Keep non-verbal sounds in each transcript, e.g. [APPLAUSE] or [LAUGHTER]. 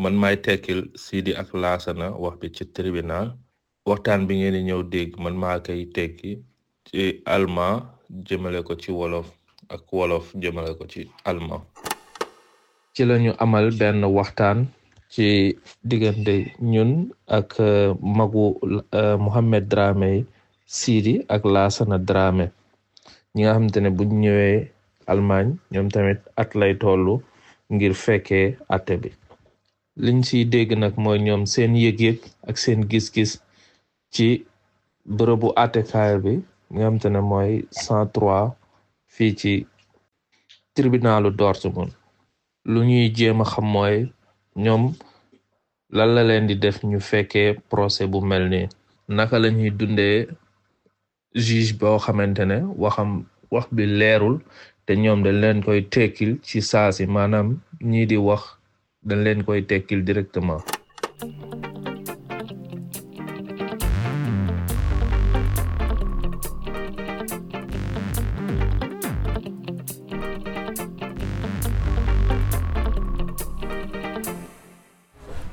man may tekkil Sidi ak Laasana wax bi ci tribunal waxtaan bi ngeen di ñëw dégg man maa koy tekki ci allemand jëmale ko ci wolof ak wolof jëmale ko ci allemand ci lañu amal benn waxtaan ci diggante ñun ak euh, magu euh, Mohamed Dramé Sidi ak Laasana Dramé ñi nga xamante ne buñ ñëwee Allemagne ñoom tamit at lay tollu ngir fekke ate bi liñ si dégg nag mooy ñoom seen yëg-yëg ak seen gis-gis ci bërëbu àttekaay bi nga xam mooy cent trois fii ci tribunalu Dortmund lu ñuy jéem a xam mooy ñoom lan la leen di def ñu fekke procès bu mel nii naka la ñuy dundee juge boo xamante ne waxam wax bi leerul te ñoom dañ leen koy tekkil ci saasi maanaam ñii di wax dañ leen koy tekkil directement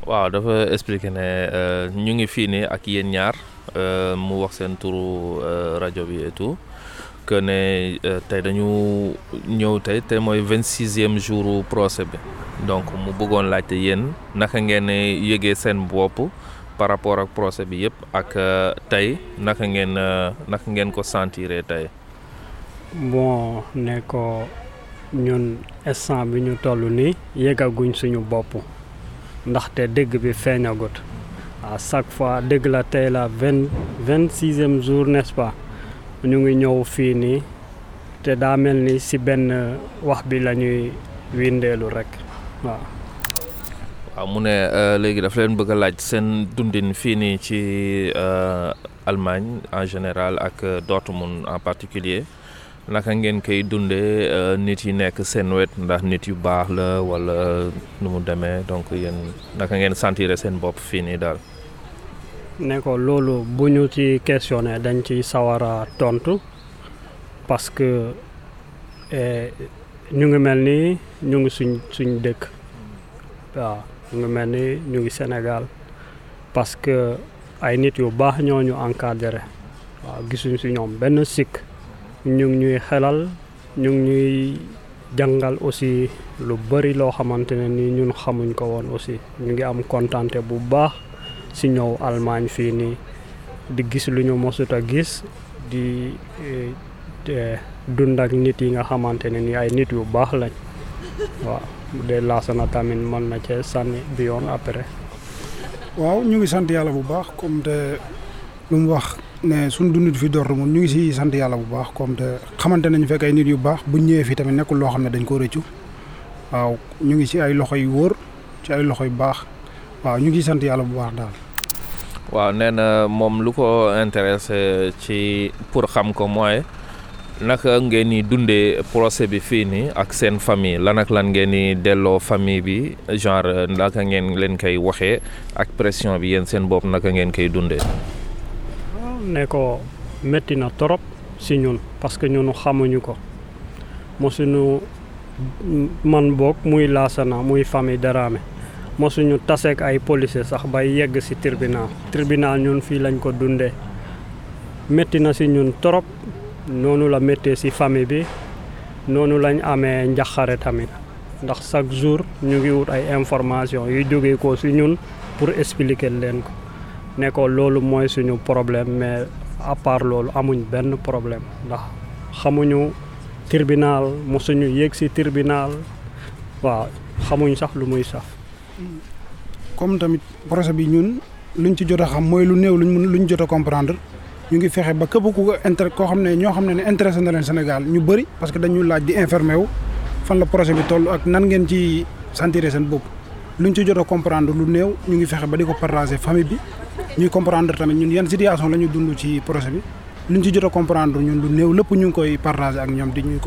waaw dafa expliqué ne euh, ñu ngi fii nii ak yéen ñaar euh, mu wax seen turu euh, rajo bi et que ne euh, tey dañu ñëw tey te mooy vingt sixième jour procès bi donc mu bëggoon laajte yéen naka ngeen yëgee seen bopp par rapport ak procès bi yëpp ak euh, tey naka ngeen euh, naka ngeen ko sentiree tey. bon ne ko ñun instant bi ñu toll nii yëgaguñ suñu bopp ndaxte dégg bi feeñagut à chaque fois dëgg la tey la vingt vingt sixième jour n'est-ce ñu ngi ñëw fii nii te daa mel ni si benn wax bi la ñuy windeelu rek waaw. waaw mu ne euh, léegi daf leen bëgg laaj seen dundin fii nii ci euh, Allemagne en général ak euh, Dortmund en particulier naka ngeen koy dundee nit yi nekk seen wet ndax nit yu baax la wala nu mu demee donc yéen naka ngeen sentir seen bopp fii nii daal. ne ko loolu bu ñu ci questionné dañ ci sawar a tontu parce que eh, ñu ngi mel ni ñu ngi suñ suñ dëkk waaw ñu ngi mel ni ñu ngi Sénégal parce que ay nit yu baax ñoo ñu encadré waaw gisuñ si ñoom benn sikk ñu ngi ñuy xelal ñu ngi ñuy jàngal aussi lu bëri loo xamante ne ni ñun xamuñ ko woon aussi ñu ngi am kontante bu baax. si ñëw Allemagne fii nii di gis lu ñu mosut gis di eh, eh, dund ak nit yi nga xamante ne ni ay nit yu baax lañ waaw bu dee laasana tamit mën na cee sànni bi yoon après. waaw ñu ngi sant yàlla bu baax comme te lu mu wax ne suñ dund fi door moom ñu ngi si sant yàlla bu baax comme te xamante nañu fekk ay nit yu baax bu ñëwee fii tamit nekkul loo xam ne dañ koo rëccu waaw ñu ngi si ay loxo yu wóor ci ay loxo yu baax waaw ñu ngi sant yàlla bu baax daal. waaw nee na moom lu ko intéressé ci pour xam ko mooy naka ngeen di dundee procès bi fii nii ak seen famille lan ak lan ngeen di delloo famille bi genre naka ngeen leen koy waxee ak pression bi yéen seen bopp naka ngeen koy dundee. ne ko metti na trop si ñun parce que ñun xamuñu ko mosuñu man boog muy laasana muy famille Daraame. mosuñu taseek ay policier sax ba yegg ci tribunal tribunal ñun fii lañ ko dundee métti na ci ñun trop noonu la méttee ci famille bi noonu lañ amee njaxare tamit ndax chaque jour ñu ngi wut ay information yu jógee ko ci ñun pour expliquer leen ko ne ko loolu mooy suñu problème mais à part loolu amuñ benn problème ndax xamuñu tribunal mosuñu yéeg ci tribunal waaw xamuñ sax lu muy sax comme tamit projet bi ñun ñu ci jot a xam mooy lu néew luñ mun luñ jot a comprendre ñu ngi fexe ba képp ku ko inter koo xam ne ñoo xam ne ne intéressé na leen Sénégal ñu bëri parce que dañu laaj di informé wu fan la projet bi toll ak nan ngeen ci sentir seen bopp lu luñ ci jot a comprendre lu néew ñu ngi fexe ba di ko partager famille bi ñuy comprendre tamit ñun yan situation la ñu dund ci projet bi luñ ci jot a comprendre ñun lu néew lépp ñu ngi koy partager ak ñoom di ñuy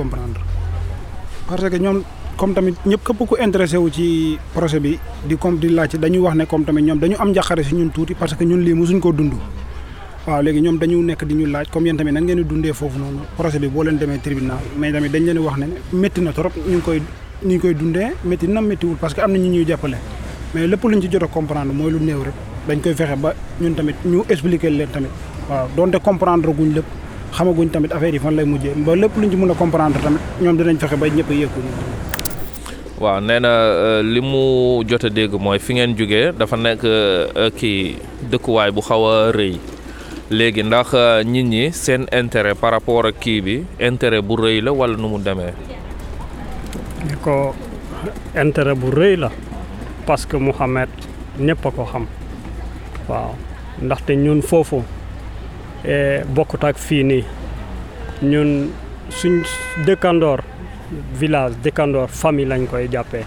comme tamit ñëpp képp ku intéressé wu ci projet bi di comme di laajte dañuy wax ne comme tamit ñoom dañu am njaqare si ñun que ñun lii mosuñ koo dund waaw léegi ñoom dañu nekk di ñu laaj comme yéen tamit nan ngeen dundee foofu noonu projet bi boo leen demee tribunal mais tamit wax ne métti na ñu koy ñu ngi koy dundee métti na méttiwul parce que am na ñuy jàppale mais lépp luñ ci jot a comprendre mooy lu néew rek dañ koy fexe ba ñun tamit ñu expliquer leen tamit waaw donte comprendre guñ lépp xamaguñ tamit affaire yi fan lay mujjee ba lépp luñ ci mën a comprendre tamit ñoom dinañ fexe ba ñëpp yëkkuñu waaw nee na euh, li mu jot a dégg mooy fi ngeen jógee dafa nekk euh, kii dëkkuwaay bu xaw a rëy léegi ndax euh, nit ñi seen intérêt par rapport ak kii bi intérêt bu rëy la walla nu mu demee. ni ko intérêt bu rëy la parce que Mouhamed ñëpp a ko xam waaw ndaxte ñun foofu eh, bokkut ak fii nii ñun suñ dëkkandoor. village dëkkandoor famille lañ koy jàppee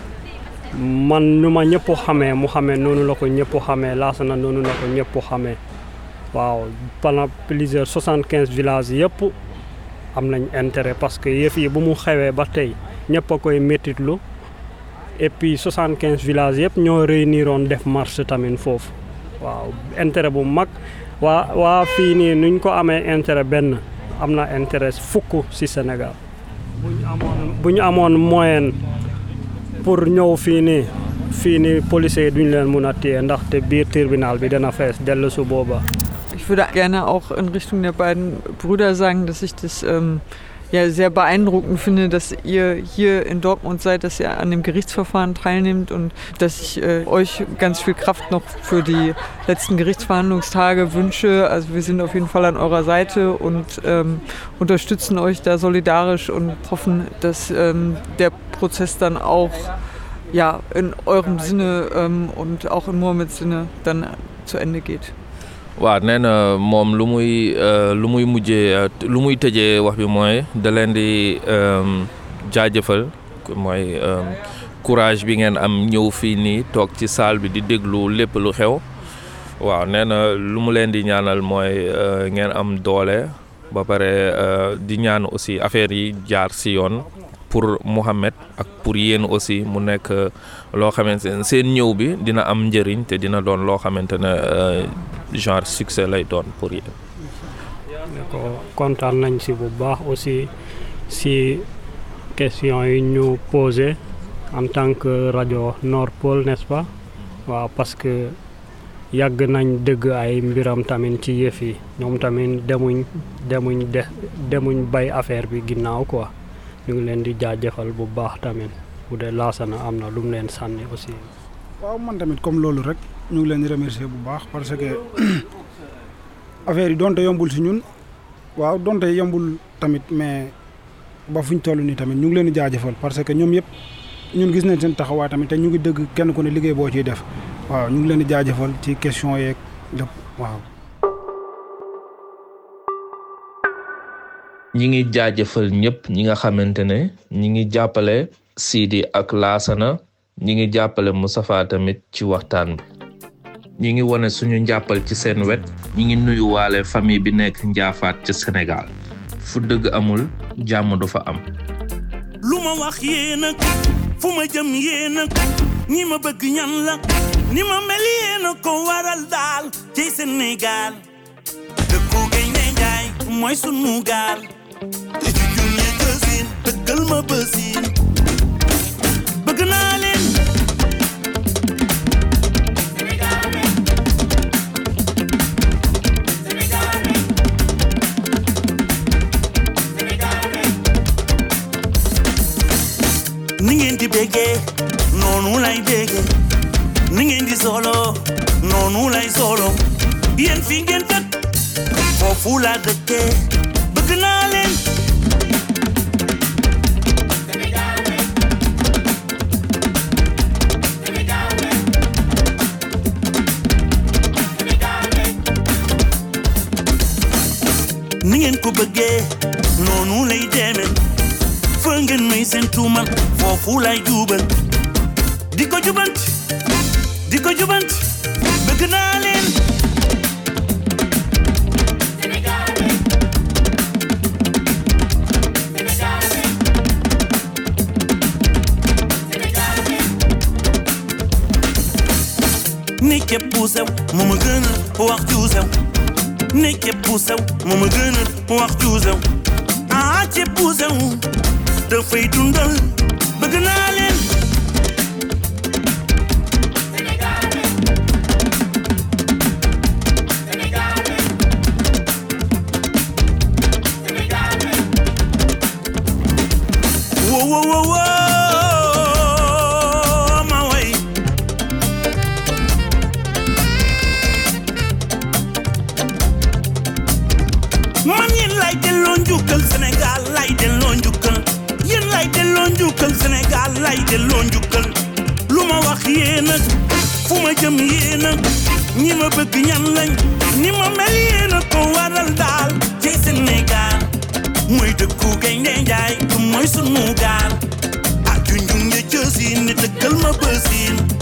man nu ma ñëpp xamee mu xamee noonu la ko ñëpp xamee Laasana noonu la ko ñëpp xamee waaw pendant plusieurs soixante quinze villages yëpp am nañ intérêt parce que yëf yi bu mu xewee ba tey ñëpp koy méttitlu et puis soixante quinze villages yëpp ñoo réuniroon def marche tamit foofu waaw intérêt bu mag waa waa fii nii nuñ ko amee intérêt benn am na intérêt fukk ci Sénégal bu ñu amoon moyen pour ñëw fii ni fii ni policier yi duñ leen mun a téye ndaxte biir tribunal bi dana fees dell su booba. Ich würde gerne auch in Richtung der beiden Brüder sagen, dass ich das ähm, ja, sehr beeindruckend finde, dass ihr hier in Dortmund seid, dass ihr an dem Gerichtsverfahren teilnehmt und dass ich äh, euch ganz viel Kraft noch für die letzten Gerichtsverhandlungstage wünsche. Also wir sind auf jeden Fall an eurer Seite und ähm, unterstützen euch da solidarisch und hoffen, dass ähm, der Prozess dann auch ja, in eurem Sinne ähm, und auch in Mohammeds Sinne dann zu Ende geht. waa nee na moom lu muy euh, lu muy mujjee euh, lu muy tëjee wax bi mooy da leen di euh, jaajëfal mooy courage bi ngeen am ñëw fii nii toog ci salle bi di déglu lépp lu xew waaw nee na lu mu leen di ñaanal mooy ngeen am doole ba pare di ñaan aussi affaire yi jaar si yoon pour Mouhamed ak pour yéen aussi mu nekk loo xamante seen ñëw bi dina am njëriñ te dina doon loo xamante ne genre succès lay doon pour yéen. d'accord kontaan nañ si bu baax aussi si question yi ñu posé en tant que rajo Nord Pôle nest pas waaw parce que yàgg nañ dëgg ay mbiram tamit ci yëf yi ñoom tamit demuñ demuñ de demuñ bay affaire bi ginnaaw ko ñu ngi leen di jaajëfal bu baax tamit bu dee na am na lu mu leen sànni aussi. waaw man tamit comme loolu rek. ñu ngi leen di remercier bu baax parce que [CLEARS THROAT] affaire yi donte yombul si ñun waaw donte yombul tamit mais ba fu ñu toll nii tamit ñu ngi leen di jaajëfal parce que ñoom yëpp ñun gis nañ seen taxawaay tamit te ñu ngi dëgg kenn ku ne liggéey boo ciy def waaw ñu ngi leen di jaajëfal ci question yeeg lépp waaw. ñi ngi jaajëfal ñëpp ñi nga xamante ne ñi ngi jàppale siidi ak Laasana ñi ngi jàppale Moustapha tamit ci waxtaan bi ñi ngi wone suñu njàppal ci seen wet ñi ngi nuyuwaale famille bi nekk njaafaat ca Sénégal fu dëgg amul jàmm du fa am lu ma wax yéen a fu ma jëm yéen a ñi ma bëgg ñan la ni ma mel yéen ko waral daal ci Sénégal dëkku gay ne mooy sunu gaal te ci junne gësin dëggal ma bësin di béggee ni ngeen di solo noonu lay solo yéen fi ngeen dëkk foofu laa dëkkee bëgg naa leen ni ngeen ko bëggee lay demee fa ngeen may foofu lay jubal di ko jubant di jubant bëgg naa leen ni bu sew mu ma wax ju sew ni bu sew mu ma wax ju sew ah képp bu sew dafay dundal bëgg naa leen man yéen laay delloo njukkal Sénégal njukkal Sénégal lay delloo njukkal lu ma wax yéen fu ma jëm yéen a ñi ma bëgg ñan lañ ni ma mel yéen a waral daal ci Sénégal mooy dëkku gaynde njaay mooy sunu gaal ak junjung ya jësin ni dëkkal ma bësin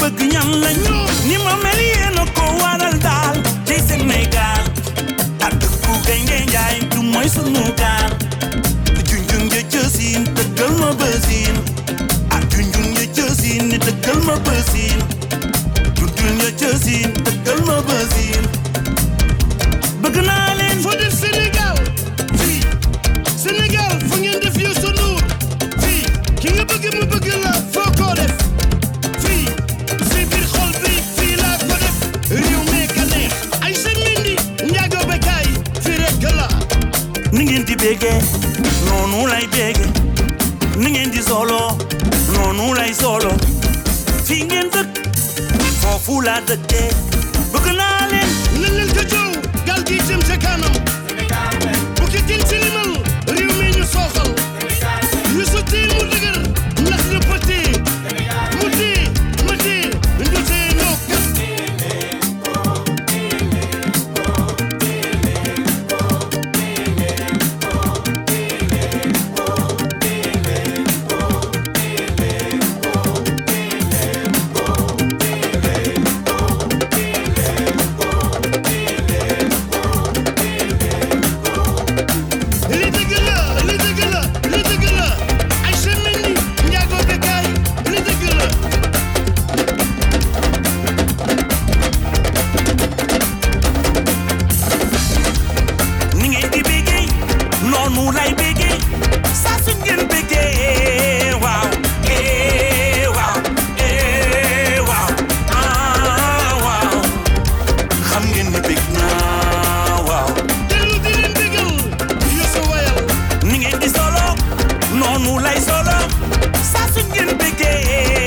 ma bëgg ñan lañu ni ma mel yéen a ko waral daal tey Sénégal ak ku gaynde njaay du mooy sunu gaal junjun ya cësin dëggal ma bësin ak junjun ya cësin ni dëggal ma bësin junjun ya cësin dëggal ma bëgg naa leen foo def Sénégal fii Sénégal fa ngeen def yow sunu fii ki nga bëgg mu bëgg béggee noonu lay béggee ni ngeen di solo noonu lay solo fii ngeen dëkk foofu laa dëkkee bëgg naa leen. nañ leen ko jow gal gi jëm ca kanam. bu ki tin solo saa su ngeen bëggee